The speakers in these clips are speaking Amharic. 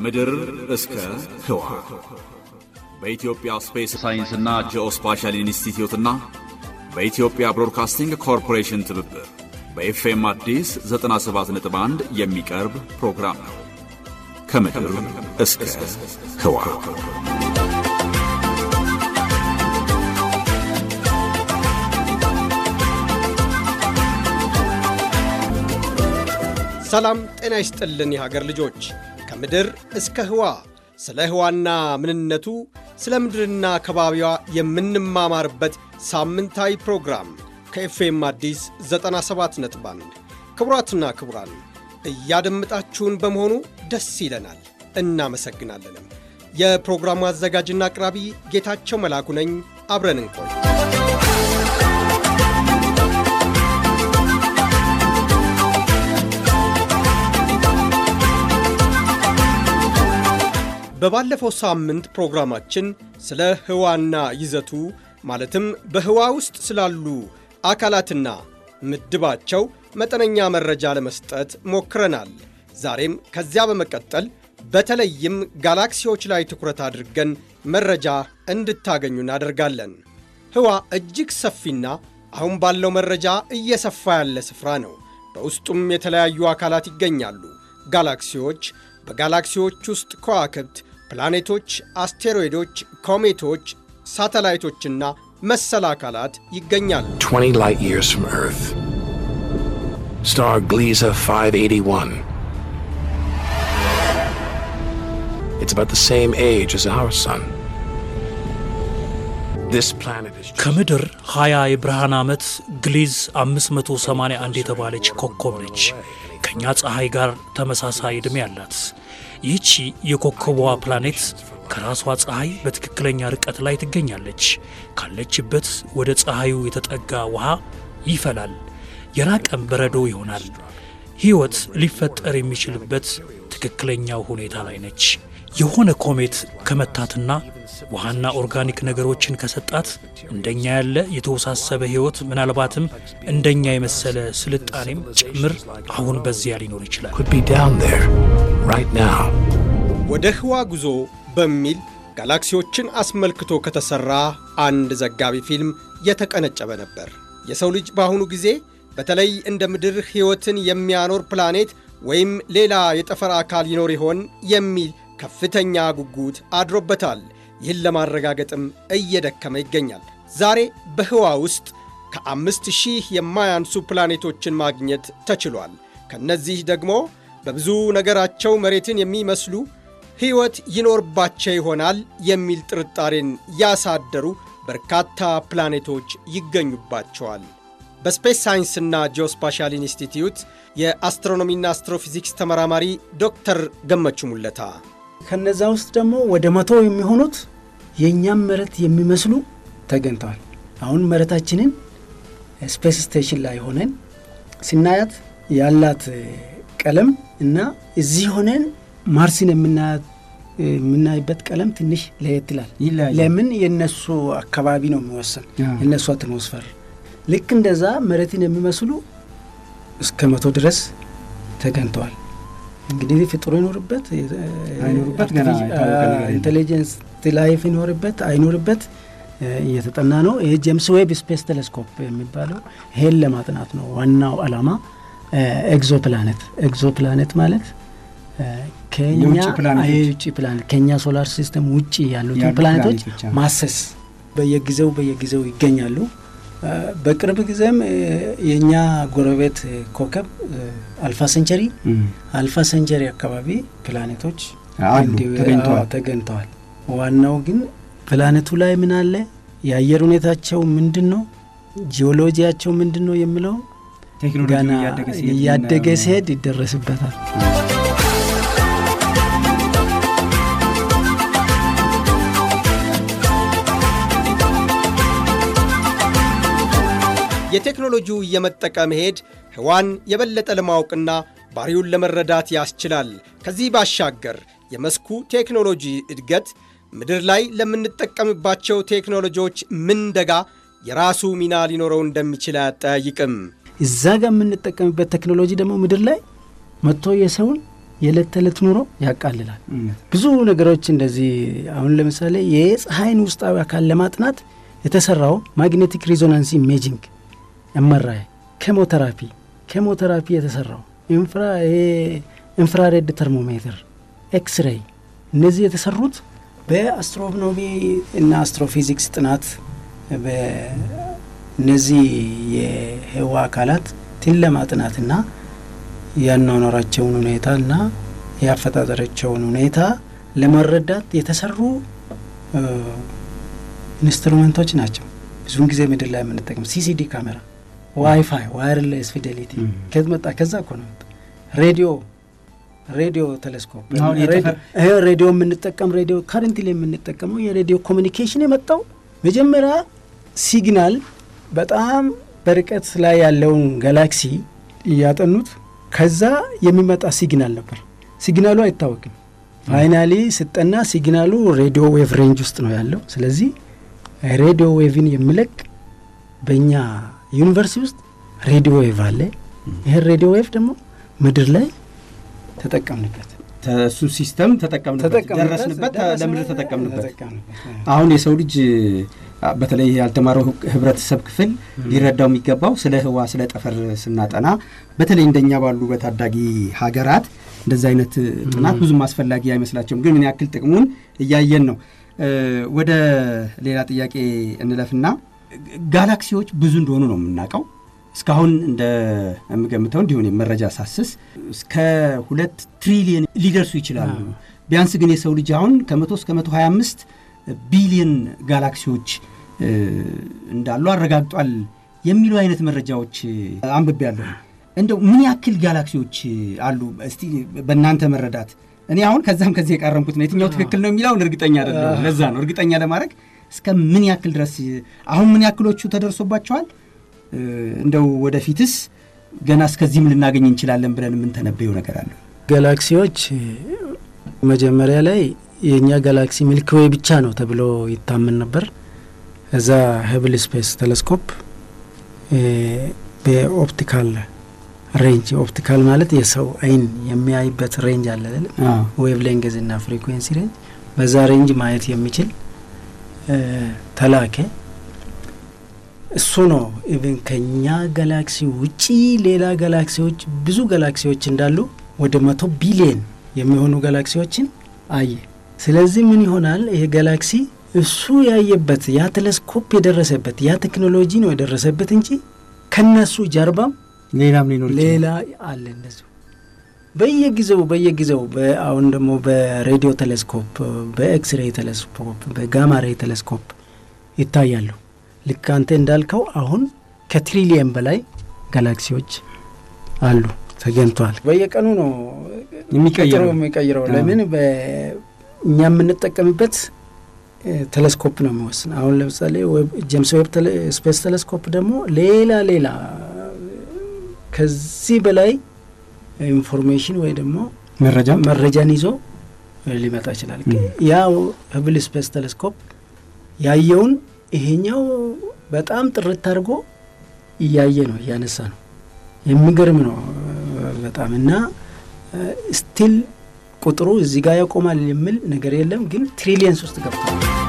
ከምድር እስከ ህዋ በኢትዮጵያ ስፔስ ሳይንስና ጂኦስፓሻል ኢንስቲትዩትና በኢትዮጵያ ብሮድካስቲንግ ኮርፖሬሽን ትብብር በኤፍኤም አዲስ 97.1 የሚቀርብ ፕሮግራም ነው። ከምድር እስከ ህዋ ሰላም ጤና ይስጥልን የሀገር ልጆች ከምድር እስከ ህዋ ስለ ህዋና ምንነቱ፣ ስለ ምድርና ከባቢዋ የምንማማርበት ሳምንታዊ ፕሮግራም ከኤፍኤም አዲስ ነጥባን ክቡራትና ክቡራን እያደምጣችሁን በመሆኑ ደስ ይለናል፣ እናመሰግናለንም። የፕሮግራሙ አዘጋጅና አቅራቢ ጌታቸው መላኩ ነኝ። አብረን እንቆይ። በባለፈው ሳምንት ፕሮግራማችን ስለ ህዋና ይዘቱ ማለትም በህዋ ውስጥ ስላሉ አካላትና ምድባቸው መጠነኛ መረጃ ለመስጠት ሞክረናል። ዛሬም ከዚያ በመቀጠል በተለይም ጋላክሲዎች ላይ ትኩረት አድርገን መረጃ እንድታገኙ እናደርጋለን። ህዋ እጅግ ሰፊና አሁን ባለው መረጃ እየሰፋ ያለ ስፍራ ነው። በውስጡም የተለያዩ አካላት ይገኛሉ። ጋላክሲዎች፣ በጋላክሲዎች ውስጥ ከዋክብት ፕላኔቶች፣ አስቴሮይዶች፣ ኮሜቶች፣ ሳተላይቶችና መሰል አካላት ይገኛሉ። ከምድር 20 የብርሃን ዓመት ግሊዝ 581 የተባለች ኮከብ ነች። ከእኛ ፀሐይ ጋር ተመሳሳይ ዕድሜ አላት። ይህቺ የኮከቧ ፕላኔት ከራሷ ፀሐይ በትክክለኛ ርቀት ላይ ትገኛለች። ካለችበት ወደ ፀሐዩ የተጠጋ ውሃ ይፈላል፣ የራቀም በረዶ ይሆናል። ሕይወት ሊፈጠር የሚችልበት ትክክለኛው ሁኔታ ላይ ነች። የሆነ ኮሜት ከመታትና ውሃና ኦርጋኒክ ነገሮችን ከሰጣት እንደኛ ያለ የተወሳሰበ ህይወት ምናልባትም እንደኛ የመሰለ ስልጣኔም ጭምር አሁን በዚያ ሊኖር ይችላል። ወደ ህዋ ጉዞ በሚል ጋላክሲዎችን አስመልክቶ ከተሠራ አንድ ዘጋቢ ፊልም የተቀነጨበ ነበር። የሰው ልጅ በአሁኑ ጊዜ በተለይ እንደ ምድር ሕይወትን የሚያኖር ፕላኔት ወይም ሌላ የጠፈር አካል ይኖር ይሆን የሚል ከፍተኛ ጉጉት አድሮበታል። ይህን ለማረጋገጥም እየደከመ ይገኛል። ዛሬ በህዋ ውስጥ ከአምስት ሺህ የማያንሱ ፕላኔቶችን ማግኘት ተችሏል። ከእነዚህ ደግሞ በብዙ ነገራቸው መሬትን የሚመስሉ ሕይወት ይኖርባቸው ይሆናል የሚል ጥርጣሬን ያሳደሩ በርካታ ፕላኔቶች ይገኙባቸዋል። በስፔስ ሳይንስና ጂኦስፓሻል ኢንስቲትዩት የአስትሮኖሚና አስትሮፊዚክስ ተመራማሪ ዶክተር ገመቹ ሙለታ ከነዛ ውስጥ ደግሞ ወደ መቶ የሚሆኑት የእኛም መሬት የሚመስሉ ተገኝተዋል። አሁን መሬታችንን ስፔስ ስቴሽን ላይ ሆነን ስናያት ያላት ቀለም እና እዚህ ሆነን ማርስን የምናይበት ቀለም ትንሽ ለየት ይላል። ለምን? የነሱ አካባቢ ነው የሚወሰን የነሱ አትሞስፈር። ልክ እንደዛ መረትን የሚመስሉ እስከ መቶ ድረስ ተገኝተዋል። እንግዲህ ፍጥሮ ይኖርበት አይኖርበት ኢንቴሊጀንስ ላይፍ ይኖርበት አይኖርበት እየተጠና ነው። ይህ ጀምስ ዌብ ስፔስ ቴሌስኮፕ የሚባለው ይሄን ለማጥናት ነው ዋናው አላማ። ኤግዞ ፕላኔት ኤግዞ ፕላኔት ማለት ከኛውጭ ፕላኔት ከኛ ሶላር ሲስተም ውጭ ያሉትን ፕላኔቶች ማሰስ በየጊዜው በየጊዜው ይገኛሉ። በቅርብ ጊዜም የእኛ ጎረቤት ኮከብ አልፋ ሰንቸሪ አልፋ ሰንቸሪ አካባቢ ፕላኔቶች ተገኝተዋል። ዋናው ግን ፕላኔቱ ላይ ምን አለ፣ የአየር ሁኔታቸው ምንድን ነው፣ ጂኦሎጂያቸው ምንድን ነው የሚለው ገና እያደገ ሲሄድ ይደረስበታል። የቴክኖሎጂው እየመጠቀ መሄድ ህዋን የበለጠ ለማወቅና ባሪውን ለመረዳት ያስችላል። ከዚህ ባሻገር የመስኩ ቴክኖሎጂ እድገት ምድር ላይ ለምንጠቀምባቸው ቴክኖሎጂዎች ምንደጋ የራሱ ሚና ሊኖረው እንደሚችል አያጠያይቅም። እዛ ጋር የምንጠቀምበት ቴክኖሎጂ ደግሞ ምድር ላይ መጥቶ የሰውን የዕለት ተዕለት ኑሮ ያቃልላል። ብዙ ነገሮች እንደዚህ አሁን ለምሳሌ የፀሐይን ውስጣዊ አካል ለማጥናት የተሰራው ማግኔቲክ ሪዞናንስ ኢሜጂንግ ኤምአርአይ፣ ኬሞቴራፒ ኬሞቴራፒ የተሰራው ኢንፍራሬድ ተርሞሜትር፣ ኤክስሬይ እነዚህ የተሰሩት በአስትሮኖሚ እና አስትሮፊዚክስ ጥናት በእነዚህ የህዋ አካላት ትለማ ጥናትና ያኗኗራቸውን ሁኔታና ያፈጣጠረቸውን ሁኔታ ለመረዳት የተሰሩ ኢንስትሩመንቶች ናቸው። ብዙውን ጊዜ ምድር ላይ የምንጠቅም ሲሲዲ ካሜራ ዋይፋይ ዋይርለስ ፊደሊቲ ከት መጣ? ከዛ እኮ ነው ሬዲዮ ሬዲዮ ቴሌስኮፕ ሬዲዮ የምንጠቀም ሬዲዮ ካረንቲ ላይ የምንጠቀመው የሬዲዮ ኮሚኒኬሽን የመጣው መጀመሪያ ሲግናል በጣም በርቀት ላይ ያለውን ጋላክሲ እያጠኑት ከዛ የሚመጣ ሲግናል ነበር። ሲግናሉ አይታወቅም። ፋይናሊ ስጠና ሲግናሉ ሬዲዮ ዌቭ ሬንጅ ውስጥ ነው ያለው። ስለዚህ ሬዲዮ ዌቭን የሚለቅ በእኛ ዩኒቨርሲቲ ውስጥ ሬዲዮ ዌቭ አለ። ይህን ሬዲዮ ዌቭ ደግሞ ምድር ላይ ተጠቀምንበት። እሱ ሲስተም ተጠቀምንበት፣ ለምድር ተጠቀምንበት። አሁን የሰው ልጅ በተለይ ያልተማረው ህብረተሰብ ክፍል ሊረዳው የሚገባው ስለ ህዋ፣ ስለ ጠፈር ስናጠና በተለይ እንደኛ ባሉ በታዳጊ ሀገራት እንደዚህ አይነት ጥናት ብዙም አስፈላጊ አይመስላቸውም። ግን ምን ያክል ጥቅሙን እያየን ነው። ወደ ሌላ ጥያቄ እንለፍና ጋላክሲዎች ብዙ እንደሆኑ ነው የምናውቀው። እስካሁን እንደምገምተው እንዲሁን መረጃ ሳስስ እስከ ሁለት ትሪሊየን ሊደርሱ ይችላሉ። ቢያንስ ግን የሰው ልጅ አሁን ከመቶ እስከ መቶ አምስት ቢሊየን ጋላክሲዎች እንዳሉ አረጋግጧል የሚሉ አይነት መረጃዎች አንብቤ ያለሁ። እንደው ምን ያክል ጋላክሲዎች አሉ እስቲ በእናንተ መረዳት። እኔ አሁን ከዛም ከዚህ የቃረምኩት ነው። የትኛው ትክክል ነው የሚለውን እርግጠኛ አደለ ለዛ ነው እርግጠኛ ለማድረግ እስከ ምን ያክል ድረስ አሁን ምን ያክሎቹ ተደርሶባቸዋል? እንደው ወደፊትስ ገና እስከዚህም ልናገኝ እንችላለን ብለን የምንተነበየው ነገር አለ? ጋላክሲዎች መጀመሪያ ላይ የእኛ ጋላክሲ ሚልክዌይ ብቻ ነው ተብሎ ይታመን ነበር። እዛ ሄብል ስፔስ ቴሌስኮፕ በኦፕቲካል ሬንጅ ኦፕቲካል ማለት የሰው አይን የሚያይበት ሬንጅ አለ ዌቭ ሌንግዝ ና ፍሪኩዌንሲ ሬንጅ፣ በዛ ሬንጅ ማየት የሚችል ተላከ። እሱ ነው ኢቨን ከኛ ጋላክሲ ውጪ ሌላ ጋላክሲዎች ብዙ ጋላክሲዎች እንዳሉ ወደ መቶ ቢሊየን የሚሆኑ ጋላክሲዎችን አየ። ስለዚህ ምን ይሆናል ይሄ ጋላክሲ እሱ ያየበት ያ ቴሌስኮፕ የደረሰበት ያ ቴክኖሎጂ ነው የደረሰበት እንጂ ከነሱ ጀርባም ሌላም ሌላ አለ እነዚሁ በየጊዜው በየጊዜው አሁን ደግሞ በሬዲዮ ቴሌስኮፕ፣ በኤክስሬ ቴሌስኮፕ፣ በጋማሬ ቴሌስኮፕ ይታያሉ። ልክ አንተ እንዳልከው አሁን ከትሪሊየን በላይ ጋላክሲዎች አሉ ተገኝተዋል። በየቀኑ ነው የሚቀይረው የሚቀይረው ለምን እኛ የምንጠቀምበት ቴሌስኮፕ ነው የሚወስን። አሁን ለምሳሌ ጄምስ ዌብ ስፔስ ቴሌስኮፕ ደግሞ ሌላ ሌላ ከዚህ በላይ ኢንፎርሜሽን ወይ ደግሞ መረጃ መረጃን ይዞ ሊመጣ ይችላል። ያ ህብል ስፔስ ቴሌስኮፕ ያየውን ይሄኛው በጣም ጥርት አድርጎ እያየ ነው እያነሳ ነው። የሚገርም ነው በጣም እና ስቲል ቁጥሩ እዚህ ጋር ያቆማል የሚል ነገር የለም፣ ግን ትሪሊየንስ ውስጥ ገብቷል።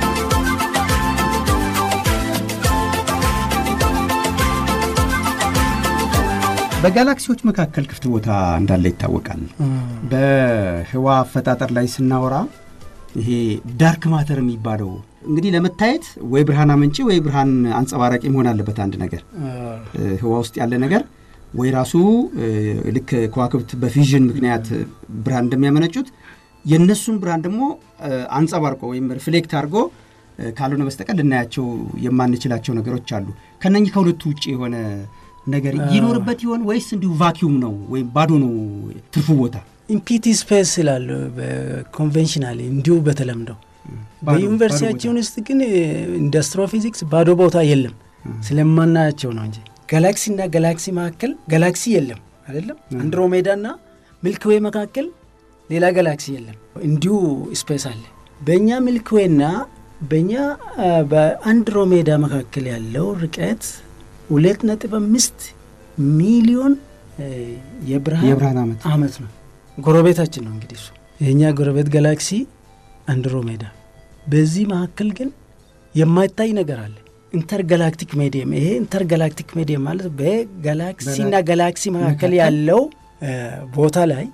በጋላክሲዎች መካከል ክፍት ቦታ እንዳለ ይታወቃል። በህዋ አፈጣጠር ላይ ስናወራ ይሄ ዳርክ ማተር የሚባለው እንግዲህ ለመታየት ወይ ብርሃን አመንጪ ወይ ብርሃን አንጸባራቂ መሆን አለበት። አንድ ነገር ህዋ ውስጥ ያለ ነገር ወይ ራሱ ልክ ከዋክብት በፊዥን ምክንያት ብርሃን እንደሚያመነጩት የእነሱን ብርሃን ደግሞ አንጸባርቆ ወይም ሪፍሌክት አድርጎ ካልሆነ በስተቀር ልናያቸው የማንችላቸው ነገሮች አሉ። ከነኚህ ከሁለቱ ውጭ የሆነ ነገር ይኖርበት ይሆን ወይስ እንዲሁ ቫኪዩም ነው ወይም ባዶ ነው ትርፉ ቦታ? ኢምፒቲ ስፔስ ስላለ በኮንቬንሽናል እንዲሁ በተለምደው በዩኒቨርሲቲያችን ውስጥ ግን እንደ አስትሮፊዚክስ ባዶ ቦታ የለም ስለማናያቸው ነው እንጂ ጋላክሲ እና ጋላክሲ መካከል ጋላክሲ የለም አይደለም። አንድሮሜዳ ና ሚልክዌ መካከል ሌላ ጋላክሲ የለም። እንዲሁ ስፔስ አለ። በእኛ ና በእኛ በአንድሮሜዳ መካከል ያለው ርቀት ሁለት ነጥብ አምስት ሚሊዮን የብርሃን ዓመት ነው። ጎረቤታችን ነው እንግዲህ እሱ የእኛ ጎረቤት ጋላክሲ አንድሮሜዳ። በዚህ መካከል ግን የማይታይ ነገር አለ። ኢንተርጋላክቲክ ሜዲየም። ይሄ ኢንተርጋላክቲክ ሜዲየም ማለት በጋላክሲና ጋላክሲ መካከል ያለው ቦታ ላይ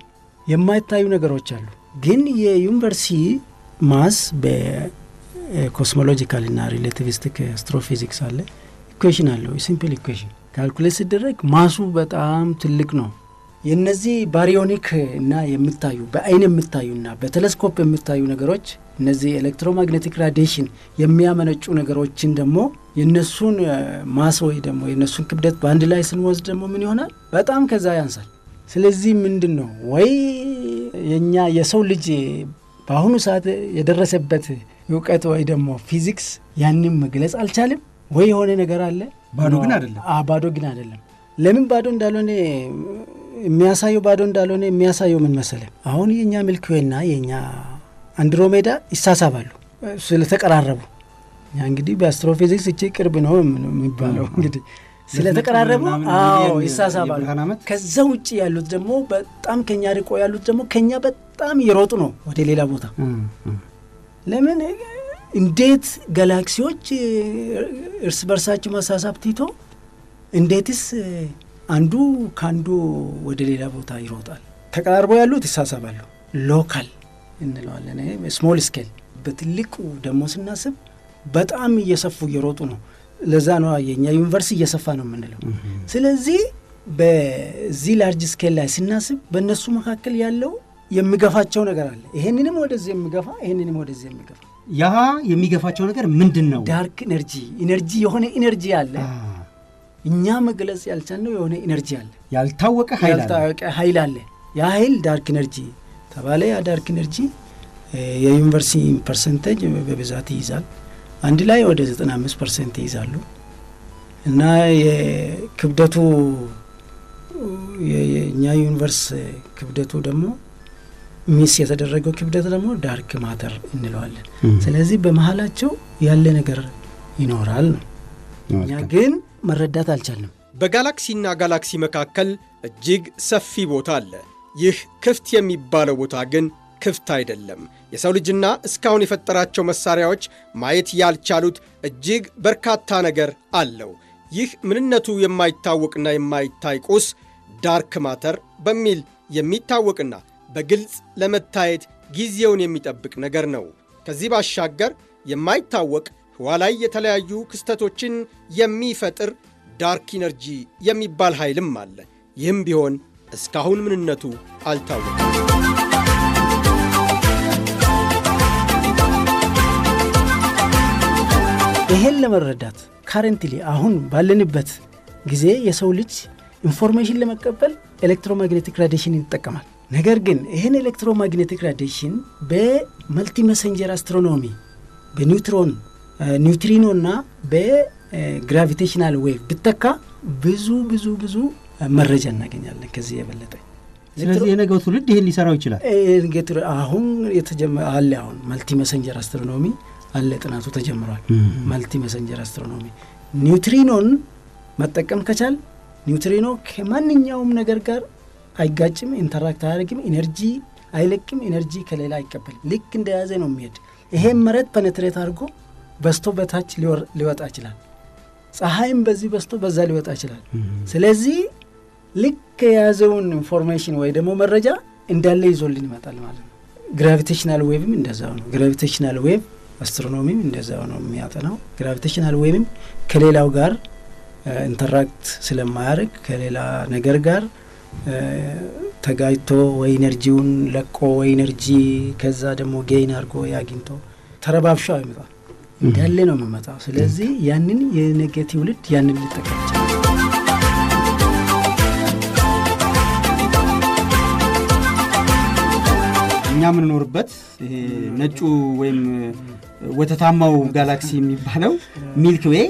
የማይታዩ ነገሮች አሉ። ግን የዩኒቨርሲቲ ማስ በኮስሞሎጂካልና ሪሌቲቪስቲክ አስትሮፊዚክስ አለ ኢኩዌሽን አለው የሲምፕል ኢኩዌሽን ካልኩሌት ሲደረግ ማሱ በጣም ትልቅ ነው። የነዚህ ባሪዮኒክ እና የምታዩ በአይን የምታዩና በቴሌስኮፕ የምታዩ ነገሮች እነዚህ ኤሌክትሮማግኔቲክ ራዲሽን የሚያመነጩ ነገሮችን ደግሞ የነሱን ማስ ወይ ደግሞ የነሱን ክብደት በአንድ ላይ ስንወስድ ደግሞ ምን ይሆናል? በጣም ከዛ ያንሳል። ስለዚህ ምንድን ነው ወይ የእኛ የሰው ልጅ በአሁኑ ሰዓት የደረሰበት እውቀት ወይ ደግሞ ፊዚክስ ያንን መግለጽ አልቻልም። ወይ የሆነ ነገር አለ። ባዶ ግን አይደለም። ባዶ ግን አይደለም። ለምን ባዶ እንዳልሆነ የሚያሳየው ባዶ እንዳልሆነ የሚያሳየው ምን መሰለ፣ አሁን የእኛ ሚልክዌና የእኛ አንድሮሜዳ ይሳሳባሉ ስለተቀራረቡ። ያ እንግዲህ በአስትሮፊዚክስ እቺ ቅርብ ነው የሚባለው እንግዲህ ስለተቀራረቡ ይሳሳባሉ። ከዛ ውጭ ያሉት ደግሞ በጣም ከኛ ርቆ ያሉት ደግሞ ከኛ በጣም እየሮጡ ነው ወደ ሌላ ቦታ ለምን እንዴት ጋላክሲዎች እርስ በርሳቸው መሳሳብ ቲቶ እንዴትስ አንዱ ከአንዱ ወደ ሌላ ቦታ ይሮጣል? ተቀራርቦ ያሉት ይሳሳባሉ። ሎካል እንለዋለን፣ ስሞል ስኬል። በትልቁ ደግሞ ስናስብ በጣም እየሰፉ እየሮጡ ነው። ለዛ ነው የኛ ዩኒቨርስ እየሰፋ ነው የምንለው። ስለዚህ በዚህ ላርጅ ስኬል ላይ ስናስብ በእነሱ መካከል ያለው የሚገፋቸው ነገር አለ። ይሄንንም ወደዚህ የሚገፋ ይሄንንም ወደዚህ የሚገፋ ያ የሚገፋቸው ነገር ምንድን ነው? ዳርክ ኢነርጂ ኢነርጂ የሆነ ኢነርጂ አለ። እኛ መግለጽ ያልቻልነው የሆነ ኢነርጂ አለ፣ ያልታወቀ ኃይል አለ። ያ ኃይል ዳርክ ኢነርጂ ተባለ። ያ ዳርክ ኢነርጂ የዩኒቨርሲቲ ፐርሰንቴጅ በብዛት ይይዛል። አንድ ላይ ወደ 95 ፐርሰንት ይይዛሉ እና የክብደቱ የእኛ ዩኒቨርስ ክብደቱ ደግሞ ሚስ የተደረገው ክብደት ደግሞ ዳርክ ማተር እንለዋለን። ስለዚህ በመሀላቸው ያለ ነገር ይኖራል ነው። እኛ ግን መረዳት አልቻልም። በጋላክሲና ጋላክሲ መካከል እጅግ ሰፊ ቦታ አለ። ይህ ክፍት የሚባለው ቦታ ግን ክፍት አይደለም። የሰው ልጅና እስካሁን የፈጠራቸው መሳሪያዎች ማየት ያልቻሉት እጅግ በርካታ ነገር አለው። ይህ ምንነቱ የማይታወቅና የማይታይ ቁስ ዳርክ ማተር በሚል የሚታወቅና በግልጽ ለመታየት ጊዜውን የሚጠብቅ ነገር ነው። ከዚህ ባሻገር የማይታወቅ ህዋ ላይ የተለያዩ ክስተቶችን የሚፈጥር ዳርክ ኢነርጂ የሚባል ኃይልም አለ። ይህም ቢሆን እስካሁን ምንነቱ አልታወቀም። ይሄን ለመረዳት ካረንትሊ አሁን ባለንበት ጊዜ የሰው ልጅ ኢንፎርሜሽን ለመቀበል ኤሌክትሮማግኔቲክ ራዲሽን ይጠቀማል። ነገር ግን ይህን ኤሌክትሮማግኔቲክ ራዲሽን በመልቲ መሰንጀር አስትሮኖሚ በኒውትሮን ኒውትሪኖ እና በግራቪቴሽናል ዌቭ ብተካ ብዙ ብዙ ብዙ መረጃ እናገኛለን ከዚህ የበለጠ። ስለዚህ የነገው ትውልድ ይህን ሊሰራው ይችላል። አሁን አለ አሁን መልቲ መሰንጀር አስትሮኖሚ አለ፣ ጥናቱ ተጀምሯል። መልቲ መሰንጀር አስትሮኖሚ ኒውትሪኖን መጠቀም ከቻል ኒውትሪኖ ከማንኛውም ነገር ጋር አይጋጭም፣ ኢንተራክት አያደርግም፣ ኢነርጂ አይለቅም፣ ኢነርጂ ከሌላ አይቀበልም። ልክ እንደያዘ ነው የሚሄድ። ይሄም መሬት ፐነትሬት አድርጎ በስቶ በታች ሊወጣ ይችላል። ፀሐይም በዚህ በስቶ በዛ ሊወጣ ይችላል። ስለዚህ ልክ የያዘውን ኢንፎርሜሽን ወይ ደግሞ መረጃ እንዳለ ይዞልን ይመጣል ማለት ነው። ግራቪቴሽናል ዌቭም እንደዛው ነው። ግራቪቴሽናል ዌቭ አስትሮኖሚም እንደዛው ነው የሚያጠናው። ግራቪቴሽናል ዌቭም ከሌላው ጋር ኢንተራክት uh, ስለማያደርግ ከሌላ ነገር ጋር ተጋጅቶ ወይ ኤነርጂውን ለቆ ወይ ኤነርጂ ከዛ ደግሞ ጌይን አድርጎ ያግኝቶ ተረባብሾ አይመጣም፣ እንዳለ ነው የምመጣው። ስለዚህ ያንን የነገ ትውልድ ያንን ልጠቀም እኛ የምንኖርበት ነጩ ወይም ወተታማው ጋላክሲ የሚባለው ሚልክ ዌይ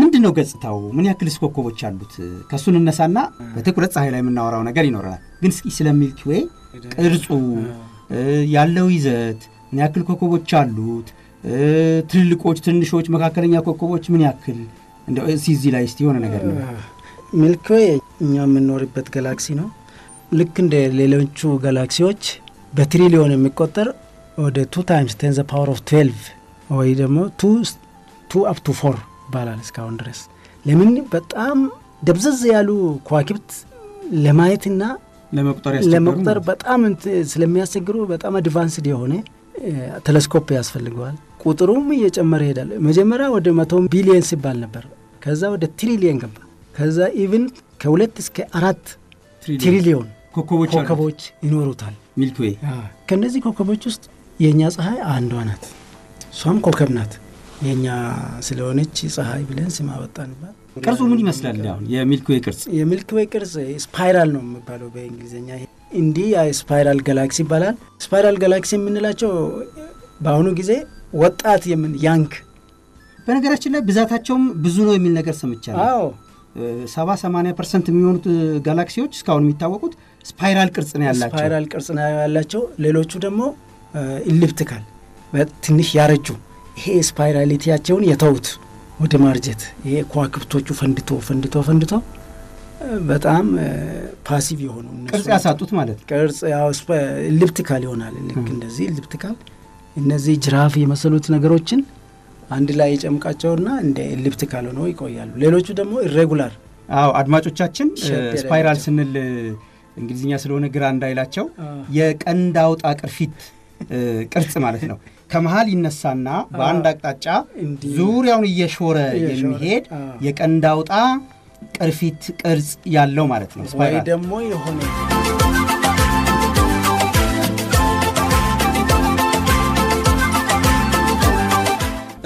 ምንድን ነው ገጽታው? ምን ያክልስ ኮከቦች አሉት? ከእሱ እንነሳና በትኩረት ፀሐይ ላይ የምናወራው ነገር ይኖረናል። ግን እስኪ ስለ ሚልኪ ዌይ ቅርጹ ያለው ይዘት ምን ያክል ኮከቦች አሉት? ትልልቆች፣ ትንሾች፣ መካከለኛ ኮከቦች ምን ያክል ሲዚ ላይ ስ የሆነ ነገር ነው። ሚልኪ ዌይ እኛ የምንኖርበት ጋላክሲ ነው። ልክ እንደ ሌሎቹ ጋላክሲዎች በትሪሊዮን የሚቆጠር ወደ ቱ ታይምስ ቴን ዘ ፓወር ኦፍ ትዌልቭ ወይ ደግሞ ቱ አፕ ቱ ፎር ይባላል እስካሁን ድረስ። ለምን በጣም ደብዘዝ ያሉ ከዋክብት ለማየትና ለመቁጠር በጣም ስለሚያስቸግሩ በጣም አድቫንስድ የሆነ ቴሌስኮፕ ያስፈልገዋል። ቁጥሩም እየጨመረ ይሄዳል። መጀመሪያ ወደ መቶ ቢሊየን ሲባል ነበር። ከዛ ወደ ትሪሊየን ገባ። ከዛ ኢቭን ከሁለት እስከ አራት ትሪሊዮን ኮከቦች ይኖሩታል። ሚልክዌ ከእነዚህ ኮከቦች ውስጥ የእኛ ፀሐይ አንዷ ናት። እሷም ኮከብ ናት። የኛ ስለሆነች ፀሐይ ብለን ስም አወጣንባት። ቅርጹ ምን ይመስላል? አሁን የሚልክዌይ ቅርጽ የሚልክዌይ ቅርጽ ስፓይራል ነው የሚባለው በእንግሊዝኛ። እንዲህ ስፓይራል ጋላክሲ ይባላል። ስፓይራል ጋላክሲ የምንላቸው በአሁኑ ጊዜ ወጣት የምን ያንክ በነገራችን ላይ ብዛታቸውም ብዙ ነው የሚል ነገር ሰምቻለሁ። አዎ ሰባ ሰማንያ ፐርሰንት የሚሆኑት ጋላክሲዎች እስካሁን የሚታወቁት ስፓይራል ቅርጽ ነው ያላቸው ስፓይራል ቅርጽ ነው ያላቸው። ሌሎቹ ደግሞ ኢሊፕቲካል ትንሽ ያረጁ ይሄ ስፓይራሊቲያቸውን የተውት ወደ ማርጀት ይሄ ከዋክብቶቹ ፈንድቶ ፈንድቶ ፈንድቶ በጣም ፓሲቭ የሆኑ ቅርጽ ያሳጡት ማለት ቅርጽ ልብትካል ይሆናል። ልክ እንደዚህ ልብትካል እነዚህ ጅራፍ የመሰሉት ነገሮችን አንድ ላይ የጨምቃቸውና እንደ ኢሊፕቲካል ሆነው ይቆያሉ። ሌሎቹ ደግሞ ኢሬጉላር። አዎ አድማጮቻችን፣ ስፓይራል ስንል እንግሊዝኛ ስለሆነ ግራ እንዳይላቸው የቀንድ አውጣ ቅርፊት ቅርጽ ማለት ነው። ከመሀል ይነሳና በአንድ አቅጣጫ ዙሪያውን እየሾረ የሚሄድ የቀንድ አውጣ ቅርፊት ቅርጽ ያለው ማለት ነው። ወይ ደግሞ የሆነ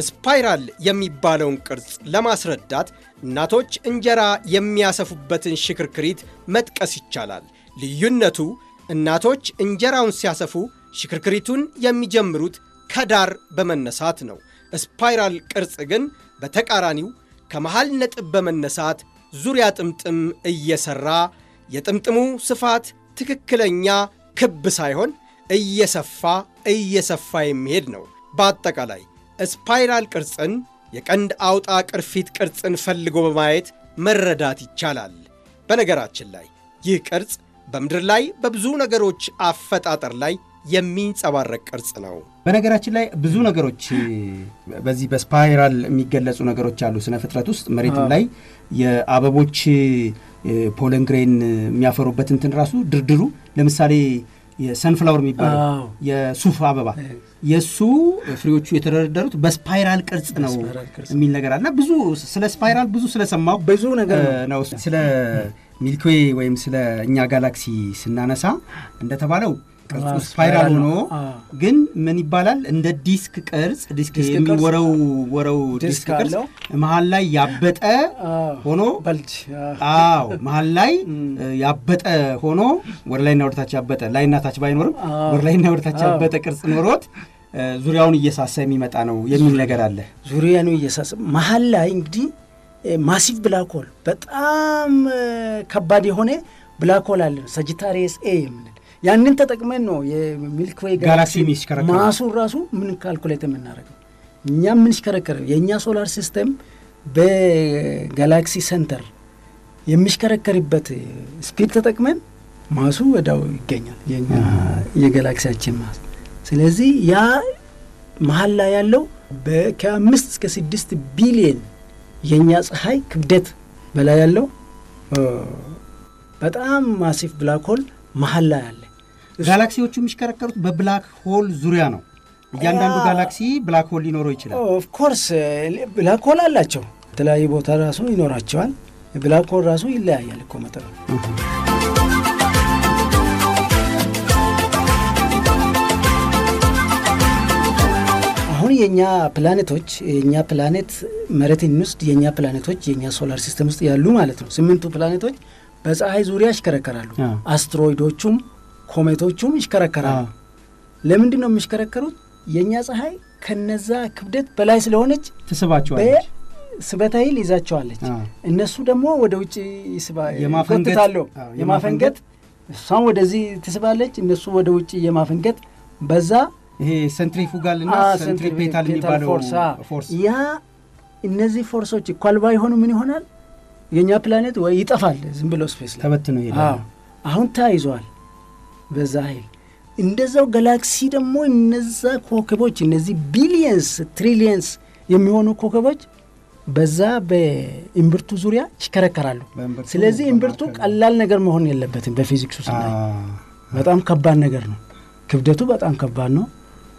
ስፓይራል የሚባለውን ቅርጽ ለማስረዳት እናቶች እንጀራ የሚያሰፉበትን ሽክርክሪት መጥቀስ ይቻላል። ልዩነቱ እናቶች እንጀራውን ሲያሰፉ ሽክርክሪቱን የሚጀምሩት ከዳር በመነሳት ነው። ስፓይራል ቅርጽ ግን በተቃራኒው ከመሃል ነጥብ በመነሳት ዙሪያ ጥምጥም እየሰራ የጥምጥሙ ስፋት ትክክለኛ ክብ ሳይሆን እየሰፋ እየሰፋ የሚሄድ ነው። በአጠቃላይ ስፓይራል ቅርጽን የቀንድ አውጣ ቅርፊት ቅርጽን ፈልጎ በማየት መረዳት ይቻላል። በነገራችን ላይ ይህ ቅርጽ በምድር ላይ በብዙ ነገሮች አፈጣጠር ላይ የሚንጸባረቅ ቅርጽ ነው። በነገራችን ላይ ብዙ ነገሮች በዚህ በስፓይራል የሚገለጹ ነገሮች አሉ። ስነ ፍጥረት ውስጥ መሬትም ላይ የአበቦች ፖለንግሬን የሚያፈሩበት እንትን ራሱ ድርድሩ ለምሳሌ የሰንፍላወር የሚባለው የሱፍ አበባ የእሱ ፍሬዎቹ የተደረደሩት በስፓይራል ቅርጽ ነው የሚል ነገር አለ። ብዙ ስለ ስፓይራል ብዙ ስለሰማው ብዙ ነገር ነው። ስለ ሚልክዌ ወይም ስለ እኛ ጋላክሲ ስናነሳ እንደተባለው ስፓይራል ሆኖ ግን ምን ይባላል እንደ ዲስክ ቅርጽ ዲስክ የሚወረው ወረው ዲስክ ቅርጽ መሀል ላይ ያበጠ ሆኖ አዎ መሀል ላይ ያበጠ ሆኖ ወደ ላይና ወደታች ያበጠ ላይና ታች ባይኖርም ወደ ላይና ወደታች ያበጠ ቅርጽ ኖሮት ዙሪያውን እየሳሳ የሚመጣ ነው የሚል ነገር አለ። ዙሪያኑ እየሳሳ መሀል ላይ እንግዲህ ማሲቭ ብላክ ሆል በጣም ከባድ የሆነ ብላክ ሆል አለ። ሰጅታሪየስ ኤ የምንል ያንን ተጠቅመን ነው የሚልክ ወይ ጋላክሲ ማሱን ራሱ ምን ካልኩሌት የምናደርገው እኛ የምንሽከረከር የእኛ ሶላር ሲስተም በጋላክሲ ሰንተር የሚሽከረከርበት ስፒድ ተጠቅመን ማሱ ወዳው ይገኛል የጋላክሲያችን ማስ። ስለዚህ ያ መሀል ላይ ያለው ከአምስት እስከ ስድስት ቢሊየን የእኛ ፀሐይ ክብደት በላይ ያለው በጣም ማሲፍ ብላክ ሆል መሀል ላይ አለ። ጋላክሲዎቹ የሚሽከረከሩት በብላክ ሆል ዙሪያ ነው። እያንዳንዱ ጋላክሲ ብላክ ሆል ሊኖረው ይችላል። ኦፍኮርስ ብላክ ሆል አላቸው። የተለያዩ ቦታ ራሱ ይኖራቸዋል። ብላክ ሆል ራሱ ይለያያል እኮ መጠኑ። አሁን የእኛ ፕላኔቶች የእኛ ፕላኔት መሬትን ውስጥ የእኛ ፕላኔቶች የእኛ ሶላር ሲስተም ውስጥ ያሉ ማለት ነው ስምንቱ ፕላኔቶች በፀሐይ ዙሪያ ይሽከረከራሉ። አስትሮይዶቹም ኮሜቶቹም ይሽከረከራሉ። ለምንድን ነው የሚሽከረከሩት? የእኛ ፀሐይ ከነዛ ክብደት በላይ ስለሆነች ትስባቸዋለች፣ ስበተ ኃይል ይዛቸዋለች። እነሱ ደግሞ ወደ ውጭ ይስባታለው የማፈንገጥ እሷም ወደዚህ ትስባለች፣ እነሱ ወደ ውጭ የማፈንገጥ በዛ ይሄ ሰንትሪፉጋል እና ሰንትሪፔታል የሚባለው ፎርስ ያ እነዚህ ፎርሶች ኳልባ የሆኑ ምን ይሆናል? የእኛ ፕላኔት ወይ ይጠፋል፣ ዝም ብሎ ስፔስ ላይ ተበትኖ ይሄዳል። አሁን ተያይዘዋል። በዛ ኃይል እንደዛው ጋላክሲ ደግሞ እነዛ ኮከቦች እነዚህ ቢሊየንስ ትሪሊየንስ የሚሆኑ ኮከቦች በዛ በእምብርቱ ዙሪያ ይሽከረከራሉ። ስለዚህ እምብርቱ ቀላል ነገር መሆን የለበትም። በፊዚክሱ ስናይ በጣም ከባድ ነገር ነው። ክብደቱ በጣም ከባድ ነው።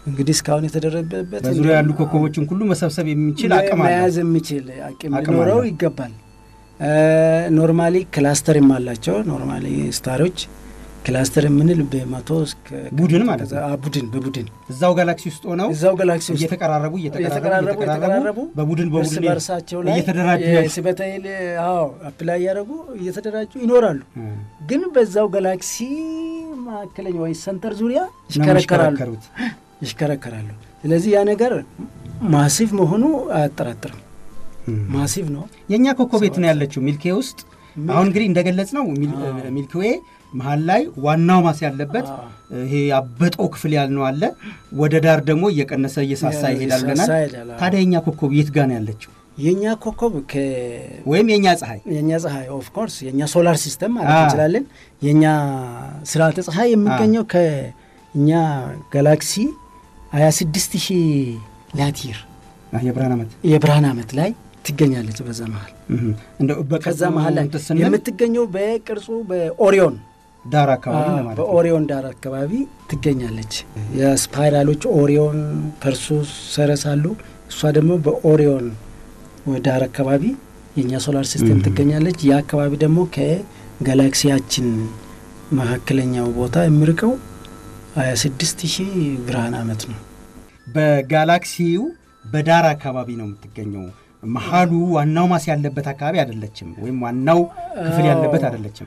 እንግዲህ እስካሁን የተደረበበት በዙሪያ ያሉ ኮከቦችን ሁሉ መሰብሰብ የሚችል አቅም መያዝ የሚችል አቅም ሊኖረው ይገባል። ኖርማሊ ክላስተር አላቸው። ኖርማሊ ስታሮች ክላስተር የምንል በመቶ ቡድን ማለት ነው። ቡድን በቡድን እዛው ጋላክሲ ውስጥ ሆነው እዛው ጋላክሲ ውስጥ እየተቀራረቡ እየተቀራረቡ በቡድን በቡድን በርሳቸው ላይ እየተደራጁ ስበታይል አዎ አፕላይ እያደረጉ እየተደራጁ ይኖራሉ። ግን በዛው ጋላክሲ ማዕከለኛ ወይ ሰንተር ዙሪያ ይሽከረከራሉ ይሽከረከራሉ። ስለዚህ ያ ነገር ማሲቭ መሆኑ አያጠራጥርም። ማሲቭ ነው። የእኛ ኮከብ የት ነው ያለችው? ሚልኬ ውስጥ አሁን እንግዲህ እንደገለጽ ነው ሚልኪዌ መሀል ላይ ዋናው ማስ ያለበት ይሄ ያበጠው ክፍል ያልነው አለ። ወደ ዳር ደግሞ እየቀነሰ እየሳሳ ይሄዳል ብለናል። ታዲያ የኛ ኮከብ የት ጋ ነው ያለችው? የእኛ ኮከብ ወይም የእኛ ፀሐይ የእኛ ፀሐይ ኦፍኮርስ የእኛ ሶላር ሲስተም ማለት እንችላለን። የእኛ ስርዓተ ፀሐይ የሚገኘው ከእኛ ጋላክሲ ሀያ ስድስት ሺህ ላቲር የብርሃን ዓመት የብርሃን ዓመት ላይ ትገኛለች። በዛ መሀል በከዛ መሀል ላይ የምትገኘው በቅርጹ በኦሪዮን ዳር አካባቢ ለማለት ነው። በኦሪዮን ዳር አካባቢ ትገኛለች። የስፓይራሎች ኦሪዮን፣ ፐርሱስ፣ ሰረስ አሉ። እሷ ደግሞ በኦሪዮን ዳር አካባቢ የእኛ ሶላር ሲስተም ትገኛለች። ያ አካባቢ ደግሞ ከጋላክሲያችን መካከለኛው ቦታ የሚርቀው 26 ሺህ ብርሃን ዓመት ነው። በጋላክሲው በዳር አካባቢ ነው የምትገኘው። መሀሉ ዋናው ማስ ያለበት አካባቢ አደለችም ወይም ዋናው ክፍል ያለበት አደለችም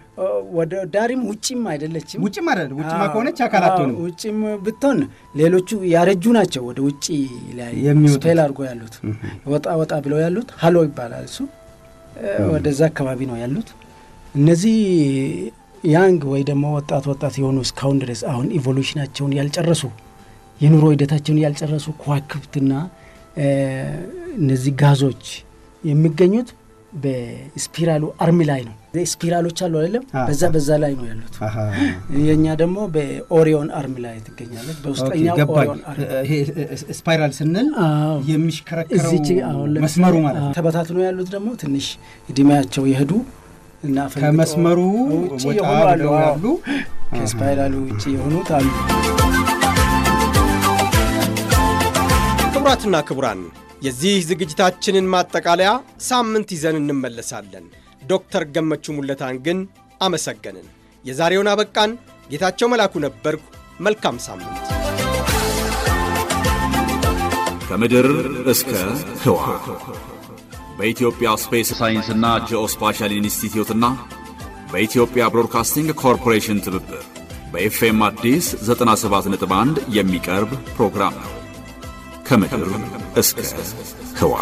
ወደ ዳሪም ውጭም አይደለችም። ውጭም አይደለም። ውጭማ ከሆነች አካላትሆንም ውጭም ብትሆን ሌሎቹ ያረጁ ናቸው። ወደ ውጭ ላይ ስፔል አድርጎ ያሉት ወጣ ወጣ ብለው ያሉት ሀሎ ይባላል። እሱ ወደዛ አካባቢ ነው ያሉት። እነዚህ ያንግ ወይ ደግሞ ወጣት ወጣት የሆኑ እስካሁን ድረስ አሁን ኢቮሉሽናቸውን ያልጨረሱ የኑሮ ሂደታቸውን ያልጨረሱ ከዋክብትና እነዚህ ጋዞች የሚገኙት በስፒራሉ አርሚ ላይ ነው። ስፒራሎች አሉ አይደለም? በዛ በዛ ላይ ነው ያሉት። የእኛ ደግሞ በኦሪዮን አርሚ ላይ ትገኛለች። በውስጠኛው ኦሪዮን ስፓይራል ስንል የሚሽከረከረው መስመሩ ማለት ነው። ተበታትኖ ያሉት ደግሞ ትንሽ እድሜያቸው የሄዱ እና ከመስመሩ ወጣ ብለው ያሉ ከስፓይራሉ ውጭ የሆኑት አሉ። ክቡራትና ክቡራን የዚህ ዝግጅታችንን ማጠቃለያ ሳምንት ይዘን እንመለሳለን። ዶክተር ገመቹ ሙለታን ግን አመሰገንን። የዛሬውን አበቃን። ጌታቸው መላኩ ነበርኩ። መልካም ሳምንት። ከምድር እስከ ህዋ በኢትዮጵያ ስፔስ ሳይንስና ጂኦስፓሻል ኢንስቲትዩትና በኢትዮጵያ ብሮድካስቲንግ ኮርፖሬሽን ትብብር በኤፍኤም አዲስ 97.1 የሚቀርብ ፕሮግራም ነው። ከምድር እስከ ህዋ